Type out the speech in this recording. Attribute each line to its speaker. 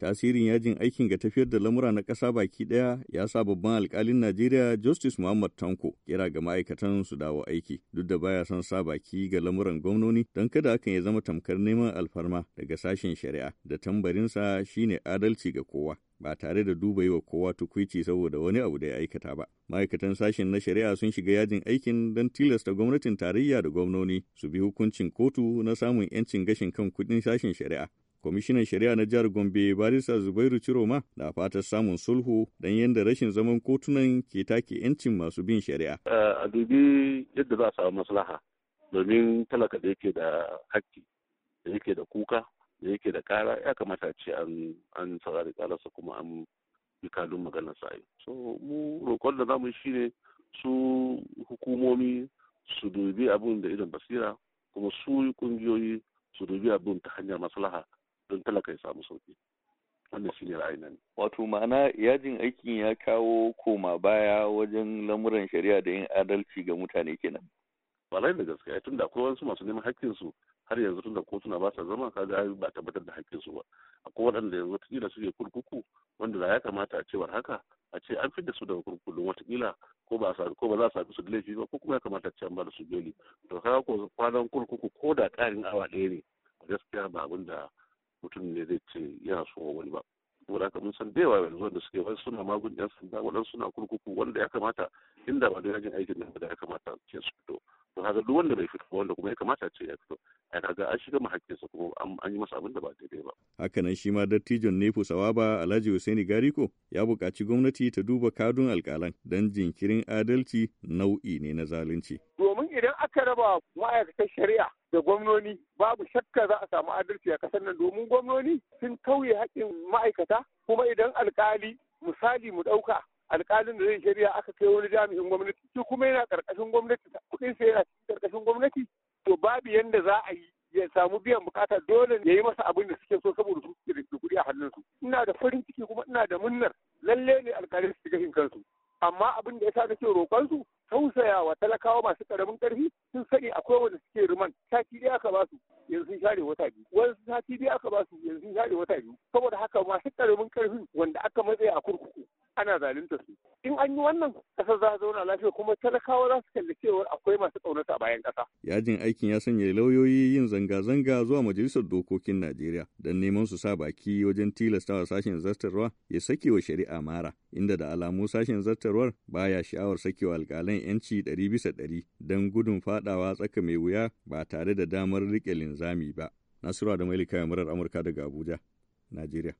Speaker 1: tasirin yajin aikin ga tafiyar da lamura na ƙasa baki ɗaya ya sa babban alkalin Najeriya Justice Muhammad Tanko kira ga ma'aikatan su dawo aiki duk da baya son sa baki ga lamuran gwamnoni don kada hakan ya zama tamkar neman alfarma daga sashen shari'a da tambarinsa shine adalci ga kowa. ba tare da duba yi wa kowa tukwici saboda wani abu da ya aikata ba. Ma'aikatan sashen na shari'a sun shiga yajin aikin don tilasta gwamnatin tarayya da gwamnoni su bi hukuncin kotu na samun 'yancin gashin kan kudin sashen shari'a kwamishinan shari'a na jihar gombe barisa zubairu ciroma na fatar samun sulhu don yadda rashin zaman kotunan ke take 'yancin masu bin shari'a
Speaker 2: a dubi yadda za a samu maslaha domin talaka da yake da hakki da yake da kuka da yake da kara ya kamata ce an saurari ƙararsa kuma an yi kalun maganar sa so mu roƙon da zamu ne su hukumomi su dubi abun da idan basira kuma su kungiyoyi su dubi abun ta hanyar maslaha don talaka ya samu sauki wannan ne ra'ayin wato ma'ana yajin aikin ya kawo koma baya wajen lamuran shari'a da yin adalci ga mutane kenan balai da gaskiya tun da akwai wasu masu neman haƙƙin su har yanzu tun da kotuna ba sa zama kaga ba tabbatar da haƙƙin su ba akwai waɗanda yanzu watakila suke kurkuku wanda da ya kamata a cewar haka a ce an fidda su daga kurkuku don watakila ko ba ko ba za su su da laifi ba ko kuma ya kamata a ce an ba da su beli to kaga ko kwanan kurkuku ko da ƙarin awa ɗaya ne gaskiya ba abin da mutum ne zai ce yana wa wani ba wanda aka mun san da yawa yanzu wanda suke wasu suna magun yan sanda wadanda suna kurkuku wanda ya kamata inda ba dai yajin aikin da ya kamata ce su fito to haka duk wanda bai fito wanda kuma ya kamata ce ya fito a kaga an shiga sa kuma an yi masa abin da ba daidai ba
Speaker 1: hakanan shi ma dattijon nefo sawaba alhaji husaini gariko ya buƙaci gwamnati ta duba kadun alƙalan don jinkirin adalci nau'i ne na zalunci
Speaker 3: domin idan aka raba ma'aikatan shari'a da gwamnoni babu shakka za a samu adalci a kasar nan domin gwamnoni sun kauye haƙƙin ma'aikata kuma idan alkali misali mu ɗauka alkalin da zai shari'a aka kai wani jami'in gwamnati shi kuma yana ƙarƙashin gwamnati kuɗin sa yana ƙarƙashin gwamnati to babu yanda za a yi ya samu biyan bukata dole ya yi masa abin da suke so saboda su da kuɗi a hannunsu ina da farin ciki kuma ina da munnar lalle ne alkalin su shiga kansu amma abin da ya sa nake roƙon su tausayawa talakawa masu karamin karfi sun sani akwai wanda suke ruman sati ɗaya aka basu yanzu sun share wata biyu wani sati biyu aka basu yanzu sun share wata biyu saboda haka masu karamin karfin wanda aka matsaya a kurkuku ana zalunta su an yi wannan ƙasar za zauna lafiya kuma talakawa za su kalli cewa akwai masu ƙaunata a bayan
Speaker 1: ƙasa. Yajin aikin ya sanya lauyoyi yin zanga-zanga zuwa majalisar dokokin Najeriya don neman su sa baki wajen tilastawa sashen zartarwa ya sake wa shari'a mara inda da alamu sashen zartarwar baya sha'awar sakewa alƙalan yanci ɗari bisa ɗari don gudun faɗawa tsaka mai wuya ba tare da damar riƙe linzami ba. Nasiru da Malika murar Amurka daga Abuja, Najeriya.